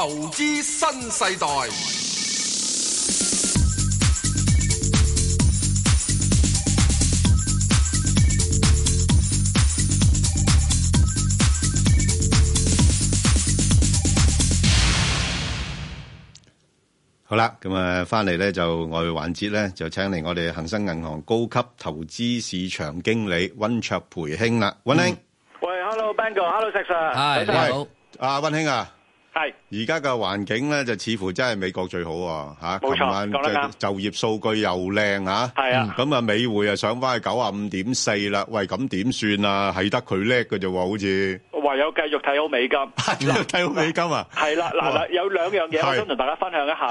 投資新世代。好啦，咁啊，翻嚟咧，就外匯環節咧，就請嚟我哋恒生銀行高級投資市場經理溫灼培兄啦。溫兄，喂，Hello，Bengal，Hello，Saxa，係，你好，阿溫兄啊。係而家嘅環境咧，就似乎真係美國最好喎嚇。冇錯，琴晚就業數據又靚嚇。係、嗯、啊，咁啊，嗯、美匯啊上翻去九啊五點四啦。喂，咁點算啊？係得佢叻嘅啫喎，好似。唯有繼續睇好美金，繼續睇好美金啊！係啦，嗱嗱，有兩樣嘢我想同大家分享一下。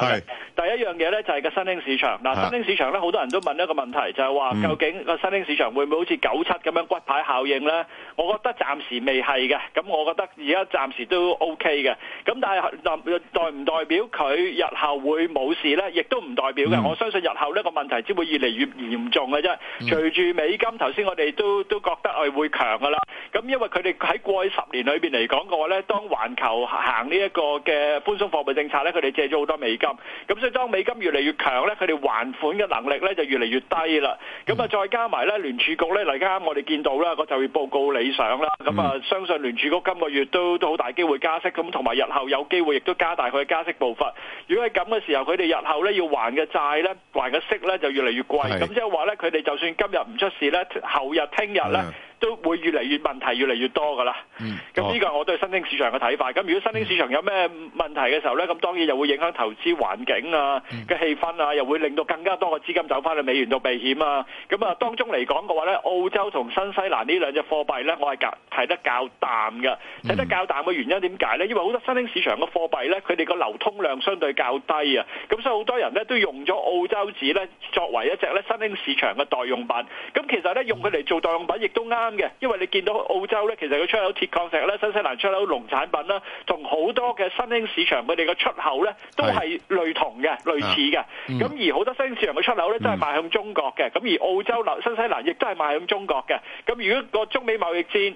第一樣嘢咧就係個新興市場，嗱新興市場咧好多人都問一個問題，就係話究竟個新興市場會唔會好似九七咁樣骨牌效應咧？我覺得暫時未係嘅，咁我覺得而家暫時都 OK 嘅。咁但係代代唔代表佢日後會冇事咧，亦都唔代表嘅。我相信日後呢個問題只會越嚟越嚴重嘅啫。隨住美金頭先我哋都都覺得係會強噶啦，咁因為佢哋喺過去十年裏面嚟講嘅話咧，當環球行呢一個嘅寬鬆貨幣政策咧，佢哋借咗好多美金。咁所以當美金越嚟越強咧，佢哋還款嘅能力咧就越嚟越低啦。咁、嗯、啊，再加埋咧，聯儲局咧，嚟家剛剛我哋見到啦，個就業報告理想啦。咁啊，相信聯儲局今個月都都好大機會加息，咁同埋日後有機會亦都加大佢嘅加息步伐。如果係咁嘅時候，佢哋日後咧要還嘅債咧，還嘅息咧就越嚟越貴。咁即係話咧，佢、就、哋、是、就算今日唔出事咧，後日、聽日咧。嗯都會越嚟越問題越嚟越多噶啦。咁、嗯、呢個係我對新興市場嘅睇法。咁如果新興市場有咩問題嘅時候呢？咁當然又會影響投資環境啊嘅氣、嗯、氛啊，又會令到更加多嘅資金走翻去美元度避險啊。咁啊，當中嚟講嘅話呢，澳洲同新西蘭呢兩隻貨幣呢，我係提睇得較淡㗎。睇得較淡嘅原因點解呢？因為好多新興市場嘅貨幣呢，佢哋個流通量相對較低啊。咁所以好多人呢，都用咗澳洲紙呢作為一隻新興市場嘅代用品。咁其實呢，用佢嚟做代用品亦都啱。因為你見到澳洲呢，其實佢出口鐵礦石啦，新西蘭出口農產品啦，同好多嘅新興市場佢哋嘅出口呢都係類同嘅，類似嘅。咁、嗯、而好多新興市場嘅出口呢，都係賣向中國嘅，咁而澳洲、新西蘭亦都係賣向中國嘅。咁如果個中美貿易戰，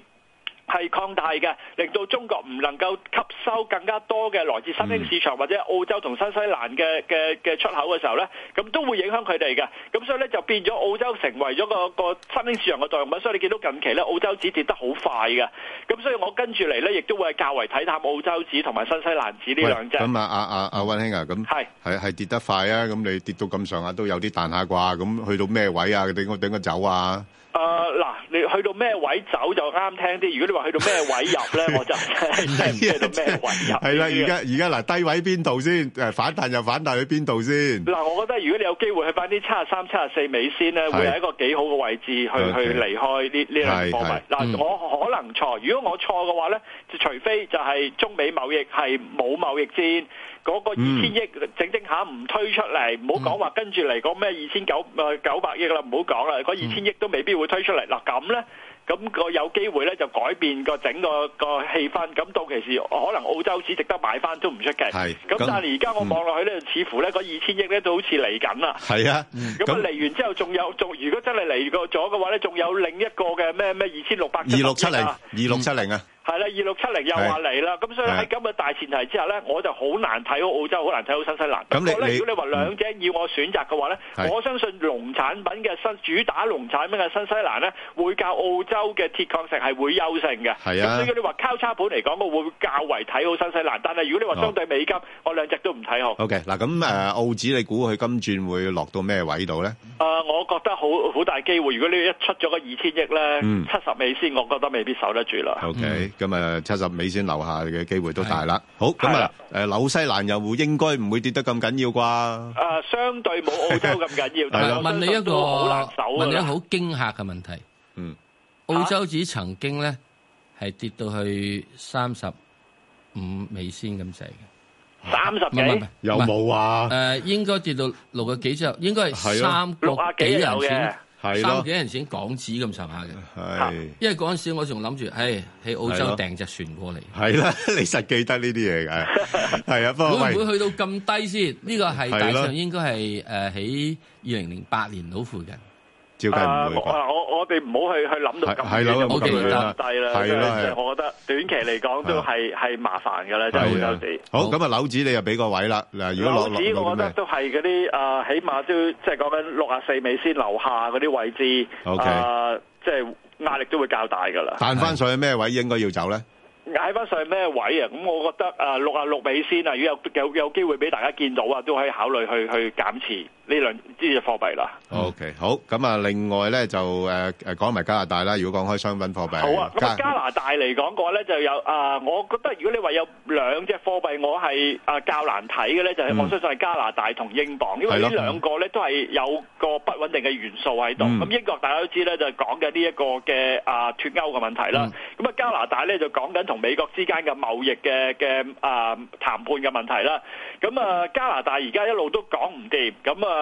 係擴大嘅，令到中國唔能夠吸收更加多嘅來自新興市場、嗯、或者澳洲同新西蘭嘅嘅嘅出口嘅時候咧，咁都會影響佢哋嘅。咁所以咧就變咗澳洲成為咗個個新興市場嘅代用品。所以你見到近期咧澳洲紙跌得好快嘅，咁所以我跟住嚟咧亦都會係較為睇淡澳洲紙同埋新西蘭紙呢兩隻。咁啊，阿阿阿溫兄啊，咁係係係跌得快啊！咁你跌到咁上下都有啲彈下啩？咁去到咩位啊？頂我頂我走啊！誒、呃、嗱，你去到咩位走就啱聽啲。如果你話去到咩位入咧， 我就真係唔知去 到咩位入。係 啦，而家而家嗱，低位邊度先？反彈又反彈去邊度先？嗱、呃，我覺得如果你有機會去返啲七十三、七十四尾先咧，會係一個幾好嘅位置去、okay. 去離開啲呢兩個物。嗱、呃嗯，我可能錯。如果我錯嘅話咧，就除非就係中美貿易係冇貿易戰。嗰、那個二千億整整下唔推出嚟，唔好講話跟住嚟嗰咩二千九誒九百億啦，唔好講啦。嗰二千億都未必會推出嚟，嗱咁咧，咁、那個有機會咧就改變個整個整個氣氛。咁到期時可能澳洲只值得買翻都唔出奇。係，咁但係而家我望落去咧、嗯，似乎咧嗰二千億咧都好似嚟緊啦。係啊，咁嚟完之後仲有，仲如果真係嚟過咗嘅話咧，仲有另一個嘅咩咩二千六百二六七零，二六七零啊。二六七零又話嚟啦，咁所以喺今日大前提之下呢、啊，我就好難睇好澳洲，好難睇好新西蘭。咁你，我呢你如果你話兩隻要我選擇嘅話呢、嗯，我相信農產品嘅新主打農產品嘅新西蘭呢，會較澳洲嘅鐵礦石係會優勝嘅。係啊。咁如果你話交叉盤嚟講嘅，我會較為睇好新西蘭。但係如果你話相對美金，哦、我兩隻都唔睇好。OK，嗱咁誒，澳紙你估佢今轉會落到咩位度呢？誒、呃，我覺得好好大機會。如果你一出咗個二千億呢，七、嗯、十美仙，我覺得未必守得住啦。OK，今、嗯、日。嗯誒，七十美仙留下嘅機會都大啦。好，咁啊，誒，紐西蘭又應該唔會跌得咁緊要啩？誒，相對冇澳洲咁緊要。但係問你一個問你一個好驚嚇嘅問題。嗯，澳洲紙曾經咧係跌到去三十五美仙咁滯嘅。三十幾？又冇啊？誒，應該跌到六個幾左右，應該係三六啊幾有嘅。係三幾銀錢港紙咁上下嘅，係，因為嗰陣時我仲諗住，唉、哎，喺澳洲訂隻船過嚟。係啦，你實記得呢啲嘢㗎，係啊， 不過、就是、會唔會去到咁低先？呢、呢個係大上應該係誒喺二零零八年到附近。啊、uh！我我我哋唔好去去諗到咁，唔好期望咁低啦。係係，OK，我覺得短期嚟講都係係麻煩㗎啦，真係好辛苦。好咁啊，樓子你又俾個位啦。嗱，如果落落，樓指我覺得都係嗰啲啊，起碼都即係講緊六啊四尾先留下嗰啲位置、OK、啊，即係壓力都會較大㗎啦。彈翻上去咩位應該要走咧？捱翻上咩位啊？咁我覺得啊，六啊六尾先啊，如果有有，有機會俾大家見到啊，都可以考慮去去減持。呢兩支貨幣啦。OK，好。咁啊，另外咧就誒誒講埋加拿大啦。如果講開商品貨幣，好啊。咁加拿大嚟講嘅話咧，就有啊，我覺得如果你話有兩隻貨幣，我係啊較難睇嘅咧，就係我相信係加拿大同英鎊，因為呢兩個咧都係有個不穩定嘅元素喺度。咁英國大家都知咧，就講緊呢一個嘅啊脫歐嘅問題啦。咁啊加拿大咧就講緊同美國之間嘅貿易嘅嘅啊談判嘅問題啦。咁啊加拿大而家一路都講唔掂，咁啊。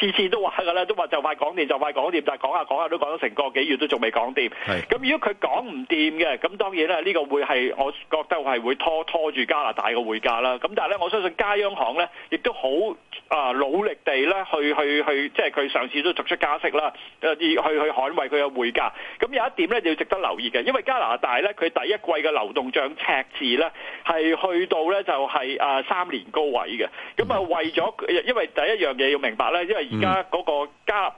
次次都話㗎啦，都話就快講掂，就快講掂，但係講下講下都講咗成個幾月都仲未講掂。咁如果佢講唔掂嘅，咁當然咧呢個會係我覺得係會拖拖住加拿大嘅匯價啦。咁但係咧，我相信加央行咧亦都好啊、呃、努力地咧去去去，即係佢上次都逐出加息啦，去去捍衞佢嘅匯價。咁有一點咧要、就是、值得留意嘅，因為加拿大咧佢第一季嘅流動帳赤字咧係去到咧就係、是呃、三年高位嘅。咁啊為咗，因為第一樣嘢要明白咧，因為而家嗰個加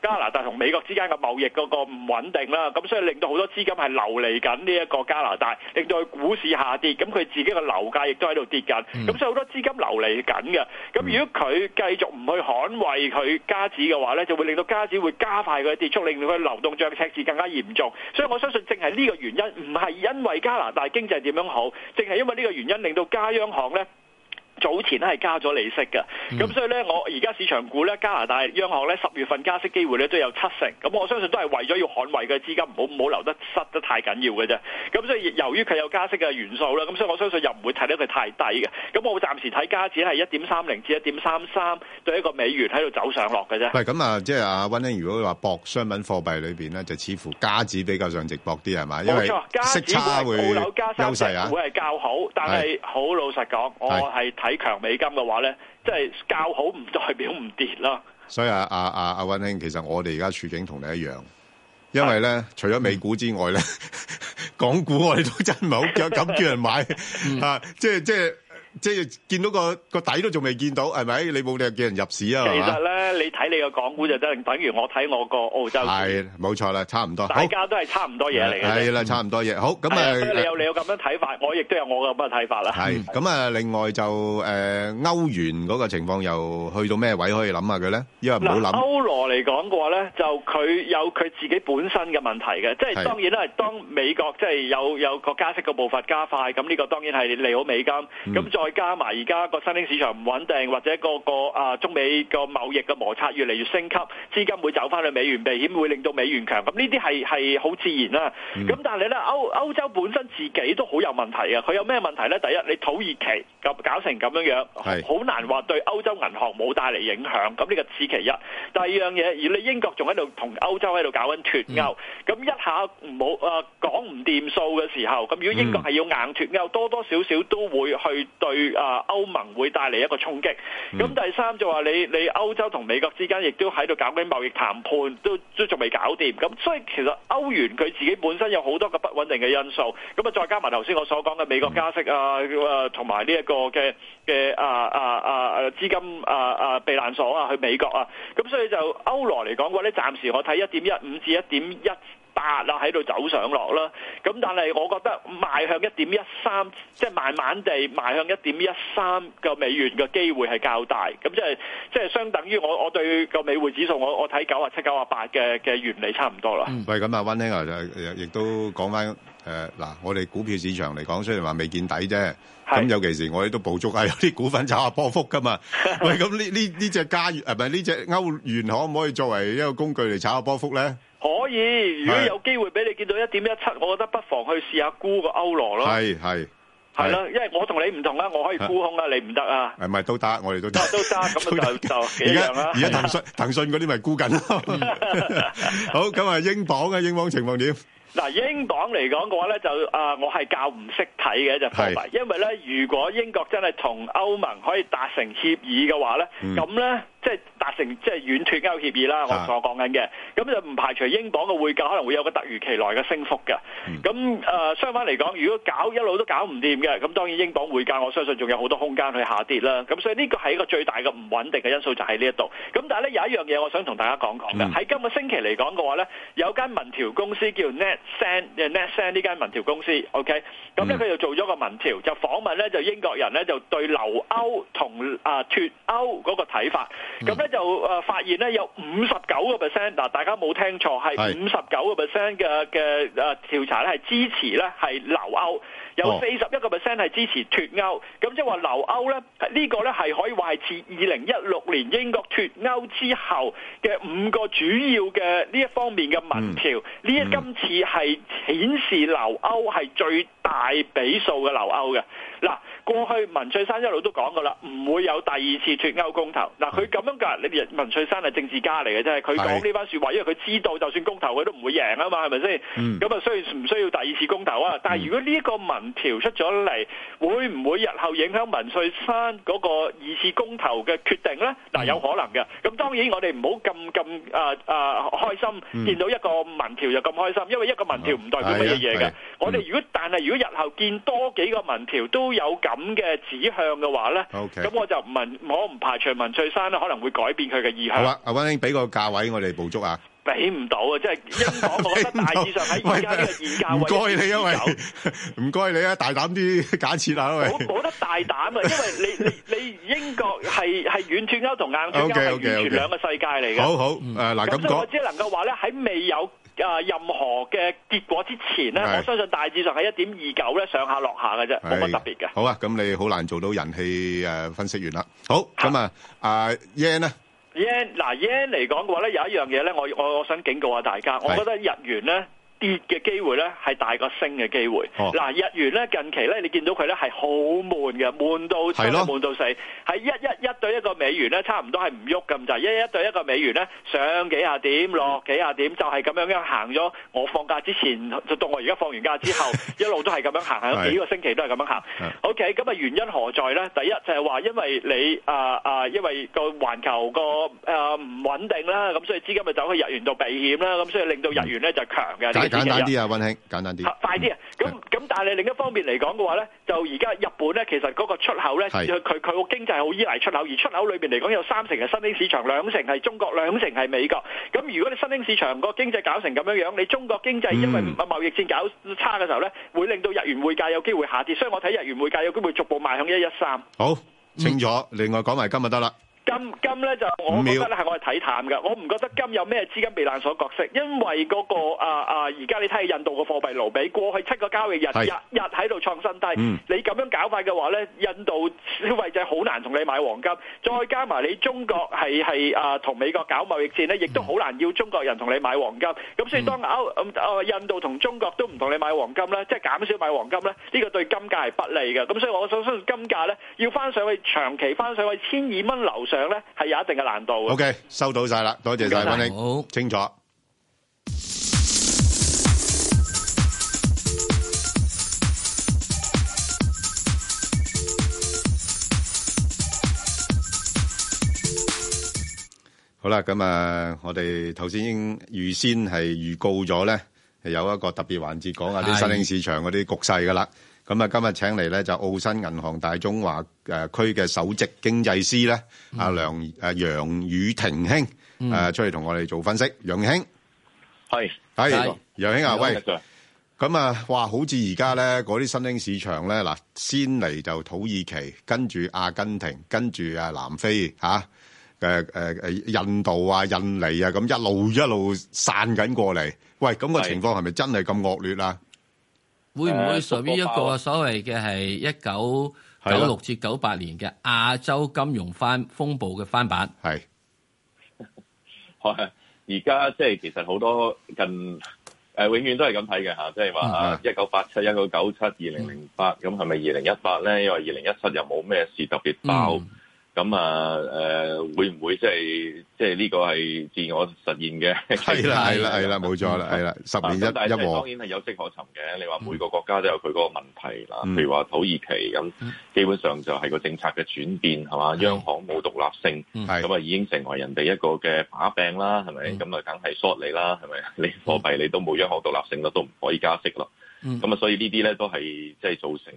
加拿大同美國之間嘅貿易嗰個唔穩定啦，咁所以令到好多資金係流離緊呢一個加拿大，令到佢股市下跌，咁佢自己嘅樓價亦都喺度跌緊，咁所以好多資金流離緊嘅。咁如果佢繼續唔去捍衞佢加紙嘅話呢，就會令到加紙會加快佢嘅跌速，令到佢流動性赤字更加嚴重。所以我相信正係呢個原因，唔係因為加拿大經濟點樣好，正係因為呢個原因令到加央行呢，早前咧係加咗利息嘅，咁所以咧我而家市場估咧加拿大央行咧十月份加息機會咧都有七成，咁我相信都係為咗要捍衛嘅資金，唔好唔好留得失得太緊要嘅啫。咁所以由於佢有加息嘅元素啦，咁所以我相信又唔會睇得佢太低嘅。咁我暫時睇加指係一點三零至一點三三，對一個美元喺度走上落嘅啫。唔、嗯、咁啊，即係阿溫馨，溫英如果話博商品貨幣裏面咧，就似乎加指比較上值博啲係嘛？因錯、啊，加指會有加升勢，會係較好。啊、但係好老實講，我係睇。比強美金嘅話咧，即係較好唔代表唔跌啦。所以阿阿阿阿温興，其實我哋而家處境同你一樣，因為咧、啊、除咗美股之外咧，嗯、 港股我哋都真唔係好敢咁叫人買啊！即係即係。啊就是即係見到個個底都仲未見到，係咪？你冇理由叫人入市啊嘛？其實咧，你睇你個港股就等等於我睇我個澳洲。係冇錯啦，差唔多。大家都係差唔多嘢嚟嘅。係啦，差唔多嘢。好，咁啊，即係你有你有咁樣睇法，我亦都有我咁樣睇法啦。係咁啊，另外就誒歐元嗰個情況又去到咩位可以諗下佢咧？因為唔好諗歐羅嚟講嘅話咧，就佢有佢自己本身嘅問題嘅。即係當然都係，當美國即係有有個加息嘅步伐加快，咁呢個當然係利好美金咁。再加埋而家個新興市場唔穩定，或者、嗰個個啊中美個貿易嘅摩擦越嚟越升級，資金會走翻去美元，避險會令到美元強，咁呢啲係係好自然啦、啊。咁、嗯、但係咧歐歐洲本身自己都好有問題啊。佢有咩問題咧？第一，你土耳其搞搞成咁樣樣，好難話對歐洲銀行冇帶嚟影響，咁呢個此其一。第二樣嘢，而你英國仲喺度同歐洲喺度搞緊脫歐，咁、嗯、一下唔好啊講唔掂數嘅時候，咁如果英國係要硬脫歐，多多少少都會去對。佢、嗯、啊，歐盟會帶嚟一個衝擊。咁第三就話你你歐洲同美國之間亦都喺度搞緊貿易談判，都都仲未搞掂。咁所以其實歐元佢自己本身有好多個不穩定嘅因素。咁啊，再加埋頭先我所講嘅美國加息啊，啊同埋呢一個嘅嘅啊啊啊資金啊啊避難所啊去美國啊。咁所以就歐羅嚟講，我呢暫時我睇一點一五至一點一。八啊喺度走上落啦，咁但係我覺得邁向一點一三，即係慢慢地邁向一點一三個美元嘅機會係較大，咁即係即係相等於我我對個美匯指數我我睇九啊七九啊八嘅嘅原理差唔多啦。喂，咁啊溫生啊，就亦都講翻誒，嗱，我哋股票市場嚟講，雖然話未見底啫，咁尤其是我哋都捕捉下，有啲股份炒下波幅噶嘛。喂，咁呢呢呢隻加誒唔係呢隻歐元可唔可以作為一個工具嚟炒下波幅咧？可以，如果有機會俾你見到一點一七，17，我覺得不妨去試下沽個歐羅咯。係係係啦，因為我同你唔同啦，我可以沽空啊，你唔得啊。係咪都揸？我哋都得。都得，咁就夠夠。而家而家騰訊騰訊嗰啲咪沽緊咯。 好，咁啊，英鎊嘅英鎊情況點？嗱，英鎊嚟講嘅話咧，就啊、呃，我係較唔識睇嘅就係因為咧，如果英國真係同歐盟可以達成協議嘅話咧，咁、嗯、咧。即係達成即係軟脱歐協議啦，我我講緊嘅，咁就唔排除英鎊嘅匯價可能會有個突如其來嘅升幅嘅。咁、嗯、誒、呃、相反嚟講，如果搞一路都搞唔掂嘅，咁當然英鎊匯價我相信仲有好多空間去下跌啦。咁所以呢個係一個最大嘅唔穩定嘅因素就喺、是、呢一度。咁但係咧有一樣嘢我想同大家講講嘅，喺、嗯、今個星期嚟講嘅話咧，有間民調公司叫 NatCen，即係 NatCen 呢間民調公司，OK？咁咧佢就做咗個民調，就訪問咧就英國人咧就對留歐同啊脱歐嗰個睇法。咁、嗯、咧就誒發現咧有五十九個 percent，嗱，大家冇聽錯，係五十九個 percent 嘅嘅誒調查咧係支持咧係留歐，有四十一個 percent 係支持脱歐。咁即係話留歐咧，呢、呢個咧係可以話係自二零一六年英國脱歐之後嘅五個主要嘅呢一方面嘅民調，呢、嗯嗯、一今次係顯示留歐係最大比數嘅留歐嘅嗱。過去文翠山一路都講過啦，唔會有第二次脫歐公投。嗱，佢咁樣噶，你文翠山係政治家嚟嘅啫，佢講呢番說話，因為佢知道就算公投佢都唔會贏啊嘛，係咪先？咁、嗯、啊，雖然唔需要第二次公投啊，但係如果呢個民調出咗嚟，會唔會日後影響文翠山嗰個二次公投嘅決定呢？嗱、嗯嗯，有可能嘅。咁當然我哋唔好咁咁啊開心、嗯、見到一個民調就咁開心，因為一個民調唔代表乜嘢嘢嘅。我哋如果但係如果日後見多幾個民調都有咁嘅指向嘅話咧，咁我就唔係，我唔排除文翠珊咧可能會改變佢嘅意向。好啦，阿溫英，俾個價位我哋補足啊！俾唔到啊，即係英國我覺得大致上喺而家呢個現價位唔該你，因為唔該你啊，大膽啲假設啊，因為我覺得大膽啊，因為你你你英國係係軟脫歐同硬脫歐係完全兩個世界嚟嘅。好好誒，嗱咁講，我只能夠話咧喺未有。任何嘅結果之前呢，我相信大致上係一點二九呢上下落下嘅啫，冇乜特別嘅。好啊，咁你好難做到人氣誒分析員啦。好咁啊，阿、啊、Yen 呢？Yen 嗱 Yen 嚟講嘅話呢，有一樣嘢呢，我我想警告下大家，我覺得日元呢。跌嘅機會咧係大過升嘅機會。嗱、哦，日元咧近期咧，你見到佢咧係好悶嘅，悶到上悶到死。喺一一一對一個美元咧，差唔多係唔喐嘅，就係一一對一個美元咧，上幾下點，落幾下點，嗯、就係咁樣樣行咗。我放假之前，就到我而家放完假之後， 一路都係咁樣行，行咗幾個星期都係咁樣行。O K，咁啊原因何在咧？第一就係、是、話因為你啊啊、呃，因為個環球個誒唔穩定啦，咁所以資金咪走去日元度避險啦，咁所以令到日元咧就強、是、嘅。嗯。簡單啲啊，溫馨，簡單啲，快啲啊！咁咁，但係另一方面嚟講嘅話咧，就而家日本咧，其實嗰個出口咧，佢佢個經濟好依賴出口，而出口裏邊嚟講有三成係新興市場，兩成係中國，兩成係美國。咁如果你新興市場個經濟搞成咁樣樣，你中國經濟因為唔係貿易戰搞差嘅時候咧，會令到日元匯價有機會下跌。所以我睇日元匯價有機會逐步邁向一一三。好，清楚，另外講埋今日得啦。金金咧就，我覺得咧係我哋睇淡嘅，我唔覺得金有咩資金避難所角色，因為嗰、那個啊啊，而家你睇印度個貨幣盧比過去七個交易日，日日喺度創新低，嗯、你咁樣搞法嘅話咧，印度消費者好難同你買黃金，再加埋你中國係係啊同美國搞貿易戰咧，亦都好難要中國人同你買黃金，咁所以當、嗯嗯、印度同中國都唔同你買黃金咧，即、就、係、是、減少買黃金咧，呢、這個對金價係不利嘅，咁所以我想相信金價咧要返上去長期返上去千二蚊流。上咧係有一定嘅難度嘅。O K，收到曬啦，多謝曬温興，好清楚。好啦，咁啊，我哋頭先已經預先係預告咗咧，係有一個特別環節講下啲新興市場嗰啲局勢噶啦。咁啊，今日請嚟咧就澳新銀行大中華誒區嘅首席經濟師咧，阿梁阿楊宇霆兄誒出嚟同我哋做分析。楊兄，係係，楊兄啊，喂，咁啊，話，好似而家咧嗰啲新興市場咧，嗱，先嚟就土耳其，跟住阿根廷，跟住啊南非嚇，誒誒誒印度啊、印尼啊，咁一路一路散緊過嚟。喂，咁個情況係咪真係咁惡劣啊？會唔會屬於一個所謂嘅係一九九六至九八年嘅亞洲金融翻風暴嘅翻版？係，而家即係其實好多近誒，永遠都係咁睇嘅吓，即係話一九八七、一九九七、二零零八，咁係咪二零一八咧？因為二零一七又冇咩事特別爆？嗯咁啊，誒、呃、會唔會即係即係呢個係自我實現嘅？係啦，係啦，係啦，冇錯啦，係、嗯、啦、嗯，十年一但一和。當然係有跡可尋嘅。你話每個國家都有佢嗰個問題啦。譬、嗯、如話土耳其咁，基本上就係個政策嘅轉變係嘛、嗯？央行冇獨立性，咁、嗯、啊已經成為人哋一個嘅把柄啦，係咪？咁、嗯、啊，梗係 short 你啦，係咪？你貨幣你都冇央行獨立性啦，都唔可以加息咯。咁、嗯、啊，所以呢啲咧都係即係造成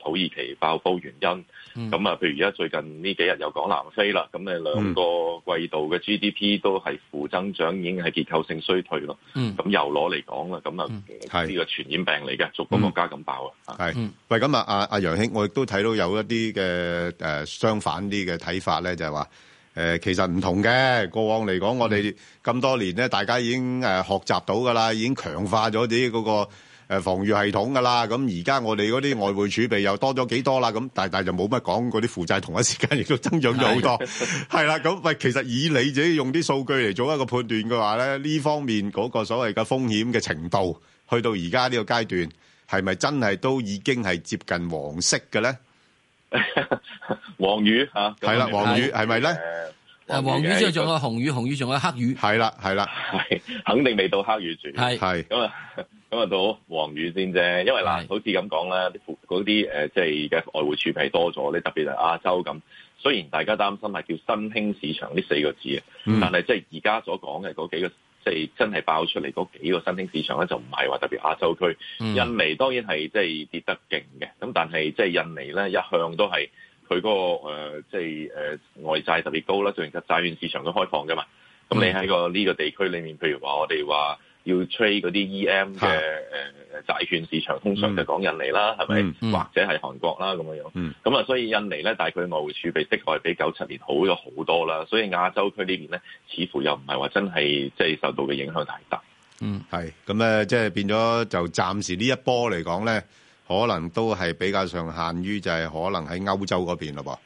土耳其爆煲原因。咁、嗯、啊，譬如而家最近呢幾日又講南非啦，咁誒兩個季度嘅 GDP 都係負增長，已經係結構性衰退咯。咁、嗯、又攞嚟講啦，咁啊係呢個傳染病嚟嘅、嗯，逐個國家咁爆啊。係、嗯嗯，喂，咁啊，阿阿楊兄，我亦都睇到有一啲嘅誒相反啲嘅睇法咧，就係、是、話、呃、其實唔同嘅。過往嚟講、嗯，我哋咁多年咧，大家已經誒、呃、學習到㗎啦，已經強化咗啲嗰個。防禦系統㗎啦，咁而家我哋嗰啲外匯儲備又多咗幾多啦，咁但但就冇乜講嗰啲負債，同一時間亦都增長咗好多，係 啦，咁喂，其實以你自己用啲數據嚟做一個判斷嘅話咧，呢方面嗰個所謂嘅風險嘅程度，去到而家呢個階段，係咪真係都已經係接近黃色嘅咧、 啊？黃雨係啦，黃雨係咪咧？誒，黃魚之後仲有紅魚，紅魚仲有黑魚。係啦，係啦，係，肯定未到黑魚住係係咁啊，咁 啊，咁咪咁咪到黃魚先啫。因為嗱，好似咁講啦，嗰啲誒，即係嘅外匯儲備多咗咧，特別係亞洲咁。雖然大家擔心係叫新興市場呢四個字啊、嗯，但係即係而家所講嘅嗰幾個，即係真係爆出嚟嗰幾個新興市場咧，就唔係話特別亞洲區。印尼當然係即係跌得勁嘅，咁但係即係印尼咧一向都係。佢、嗰個、呃、即係誒、呃、外債特別高啦，就加上債券市場都開放㗎嘛，咁、嗯、你喺個呢個地區裏面，譬如話我哋話要吹嗰啲 EM 嘅誒債券市場，啊、通常就講印尼啦，係咪？或者係韓國啦咁樣咁啊，嗯、所以印尼咧，大概外匯儲備的確係比九七年好咗好多啦。所以亞洲區呢邊咧，似乎又唔係話真係即係受到嘅影響太大。嗯，係。咁咧，即係變咗就暫時呢一波嚟講咧。可能都係比較上限於就係可能喺歐洲嗰邊咯噃。誒、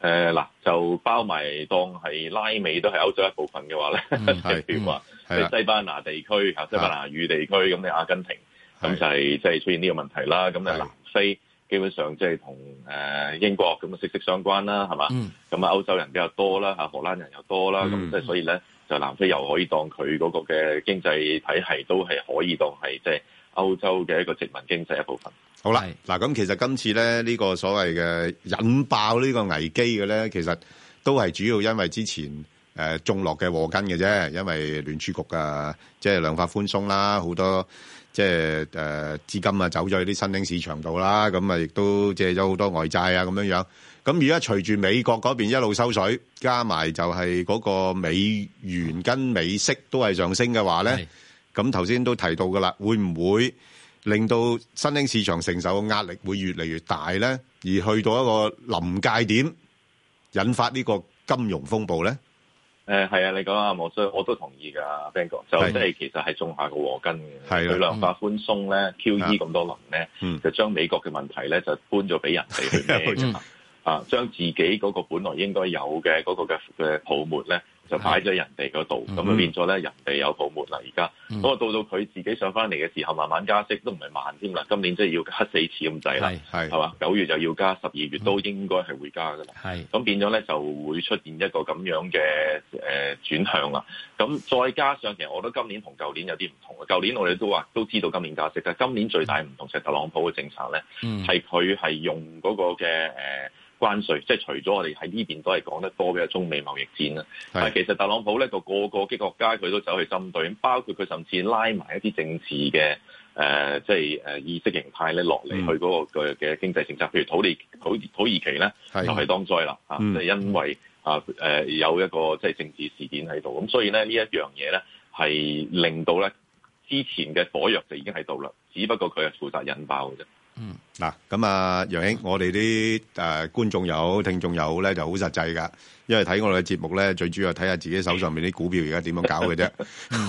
呃、嗱，就包埋當係拉美都係歐洲一部分嘅話咧，即係譬如即係西班牙地區嚇、嗯、西班牙語地區，咁你阿根廷咁就係即係出現呢個問題啦。咁就南非基本上即係同誒英國咁啊息息相關啦，係嘛？咁、嗯、啊，歐洲人比較多啦嚇，荷蘭人又多啦，咁、嗯、即係所以咧，就南非又可以當佢嗰個嘅經濟體系都係可以當係即係。就係歐洲嘅一個殖民經濟一部分。好啦，嗱咁其實今次咧呢個所謂嘅引爆呢個危機嘅咧，其實都係主要因為之前誒種落嘅禍根嘅啫，因為聯儲局啊，即係量化寬鬆啦，好多即係誒資金啊走咗去啲新興市場度啦，咁啊亦都借咗好多外債啊咁樣樣。咁而家隨住美國嗰邊一路收水，加埋就係嗰個美元跟美息都係上升嘅話咧。咁頭先都提到㗎啦，會唔會令到新興市場承受嘅壓力會越嚟越大咧？而去到一個臨界點，引發呢個金融風暴咧？誒，係啊，你講啊，莫叔，我都同意㗎。Ben 哥就即係其實係種下個禍根嘅，佢量化寬鬆咧，QE 咁多輪咧，就將美國嘅問題咧就搬咗俾人哋去孭啊，將自己嗰個本來應該有嘅嗰個嘅嘅泡沫咧。就擺咗人哋嗰度，咁啊、嗯、變咗咧，人哋有泡沫啦而家。咁我到到佢自己上翻嚟嘅時候，慢慢加息都唔係慢添啦。今年即係要加四次咁滯啦，係係嘛？九月就要加，十二月都應該係會加㗎啦。係，咁變咗咧，就會出現一個咁樣嘅誒、呃、轉向啦。咁再加上其實我覺得今年同舊年有啲唔同嘅，舊年我哋都話都知道今年加息，但今年最大唔同就係特朗普嘅政策咧，係佢係用嗰個嘅誒關稅，即係除咗我哋喺呢邊都係講得多嘅中美貿易戰啦。但係、啊、其實特朗普咧個個個激國家佢都走去針對，包括佢甚至拉埋一啲政治嘅誒，即係誒意識形態咧落嚟去嗰、那個嘅嘅、嗯、經濟政策，譬如土地土土耳其咧就係、是、當災難即就因為啊誒、呃、有一個即係、就是、政治事件喺度，咁所以咧呢這一樣嘢咧係令到咧之前嘅火藥就已經喺度啦，只不過佢係負責引爆嘅啫。嗯。嗱咁啊，楊兄，我哋啲誒觀眾又好，聽眾又好咧，就好實際㗎。因為睇我哋嘅節目咧，最主要睇下自己手上面啲股票而家點樣搞嘅啫。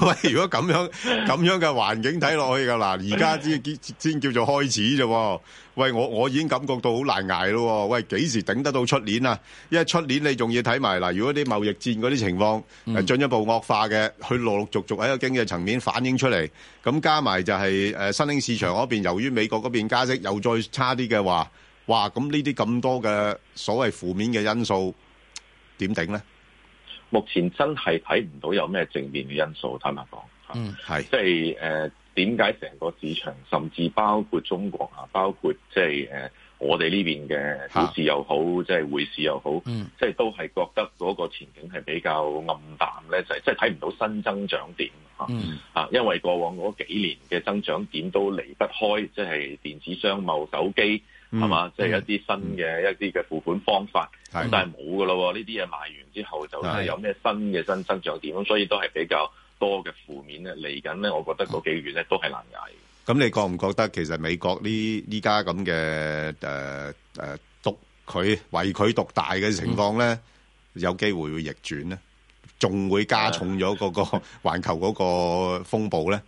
喂，如果咁樣咁樣嘅環境睇落去㗎，嗱，而家先先先叫做開始啫。喂，我我已經感覺到好難捱咯。喂，幾時頂得到出年啊？因為出年你仲要睇埋嗱，如果啲貿易戰嗰啲情況係進一步惡化嘅，去陸陸續續喺個經濟層面反映出嚟。咁加埋就係誒新興市場嗰邊，由於美國嗰邊加息又再差啲嘅話，哇！咁呢啲咁多嘅所謂負面嘅因素，點頂咧？目前真係睇唔到有咩正面嘅因素，坦白講，係即係誒，點解成個市場，甚至包括中國啊，包括即係誒。就是呃我哋呢邊嘅股市又好，即係匯市又好，嗯、即係都係覺得嗰個前景係比較暗淡咧，就即係睇唔到新增長點嚇、嗯。啊，因為過往嗰幾年嘅增長點都離不開，即、就、係、是、電子商務、手機係嘛，即係、就是、一啲新嘅、嗯、一啲嘅付款方法，咁、嗯、但係冇㗎咯，呢啲嘢賣完之後就睇有咩新嘅新增長點，咁、嗯、所以都係比較多嘅負面咧。嚟緊咧，我覺得嗰幾個月咧都係難捱的。咁你覺唔覺得其實美國呢依家咁嘅誒誒獨佢唯佢獨大嘅情況咧，有機會會逆轉咧，仲會加重咗嗰個環球嗰個風暴咧？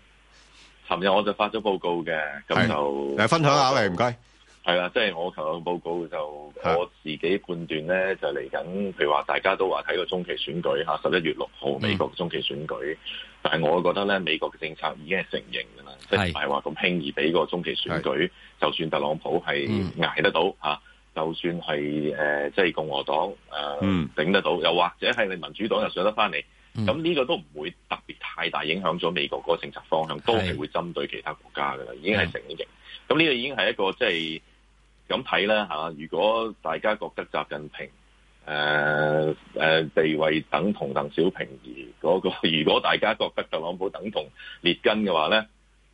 尋日我就發咗報告嘅，咁就誒分享下嘅，唔該，係啦，即係我求我嘅報告就我自己判斷咧，就嚟緊，譬如話大家都話睇個中期選舉吓，十一月六號美國中期選舉。但係我覺得咧，美國嘅政策已經係成型㗎啦，即係唔係話咁輕易俾個中期選舉，就算特朗普係捱得到吓，嗯啊，就算係誒即係共和黨誒整，呃嗯，得到，又或者係你民主黨又上得翻嚟，咁，嗯，呢個都唔會特別太大影響咗美國個政策方向，是都係會針對其他國家㗎啦，已經係成型，咁，嗯，呢個已經係一個即係咁睇啦吓，如果大家覺得習近平，誒誒，地位等同鄧小平而嗰個，如果大家覺得特朗普等同列根嘅話咧，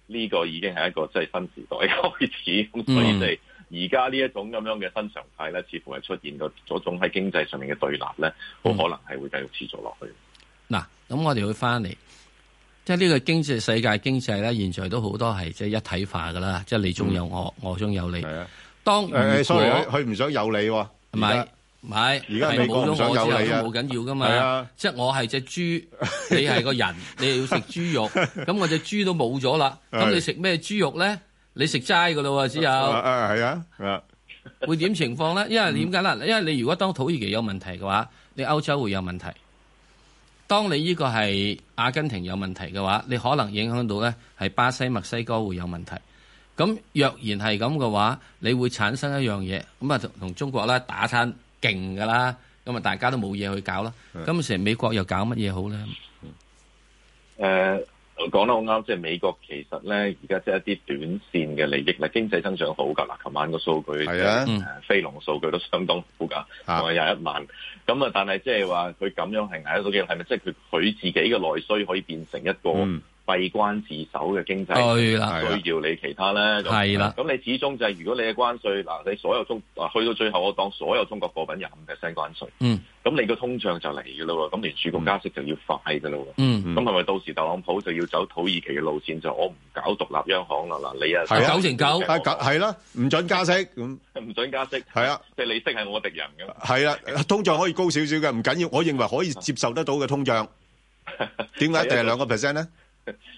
呢個已經係一個即係新時代開始，所以哋而家呢一種咁樣嘅新常態咧，似乎係出現咗嗰種喺經濟上面嘅對立咧，好可能係會繼續持續落去、嗯。嗱、嗯，咁、嗯、我哋會翻嚟，即係呢個經濟世界經濟咧，現在都好多係即係一體化噶啦，即係你中有我，嗯、我中有你。當如果佢唔、哎、sorry、想有你，係咪？唔係而家我之後都冇緊要㗎嘛，即係我係隻豬， 你係個人，你又要食豬肉咁， 我隻豬都冇咗啦。咁 你食咩豬肉咧？你食齋噶咯喎，只有啊啊，係啊會點情況咧？因為點解啦？因為你如果當土耳其有問題嘅話，你歐洲會有問題；當你呢個係阿根廷有問題嘅話，你可能影響到咧係巴西、墨西哥會有問題。咁若然係咁嘅話，你會產生一樣嘢咁啊，同同中國咧打親。勁噶啦，咁啊大家都冇嘢去搞啦。咁成美國又搞乜嘢好咧？誒、呃，講得好啱，即、就、係、是、美國其實咧，而家即係一啲短線嘅利益啦。經濟增長好噶啦，琴晚個數據係啊，非農數據都相當好噶，同埋廿一萬。咁啊，但係即係話佢咁樣係捱得到嘅，係咪即係佢佢自己嘅內需可以變成一個？嗯閉關自守嘅經濟，需要你其他咧，係啦。咁你始終就係、是、如果你嘅關稅，嗱，你所有中，去到最後，我當所有中國貨品廿五 percent 關稅，嗯，咁你個通脹就嚟嘅咯喎，咁連儲局加息就要快嘅咯喎，咁係咪到時特朗普就要走土耳其嘅路線，就我唔搞獨立央行啦，嗱，你啊，啊，九成九，係、啊、九，係咯、啊，唔、啊、准加息，唔 唔準加息，係啊，即係利息係我敵人嘅，係啊，通脹可以高少少嘅，唔緊要，我認為可以接受得到嘅通脹，點解定係兩個 percent 咧？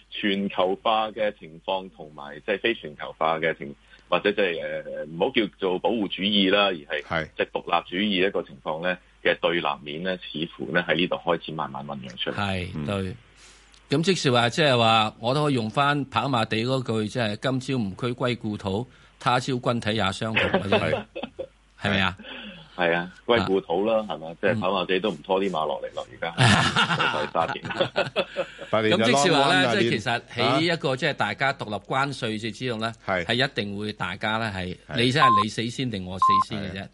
全球化嘅情況同埋即係非全球化嘅情況，或者即係誒唔好叫做保護主義啦，而係即係獨立主義的一個情況咧嘅對立面咧，似乎咧喺呢度開始慢慢醞釀出嚟。係，對。咁、嗯、即使是話，即係話，我都可以用翻跑馬地嗰句，即、就、係、是、今朝唔區歸故土，他朝君體也相同嗰句，係咪啊？ 是嗎 係啊，歸故土啦，係、啊、嘛、嗯？即係跑馬地都唔拖啲馬落嚟咯，而家都係沙田。咁即係話咧，即係其實喺一、這個即係大家獨立關稅制之內咧，係一定會大家咧係，你先係你死先定我死先嘅啫。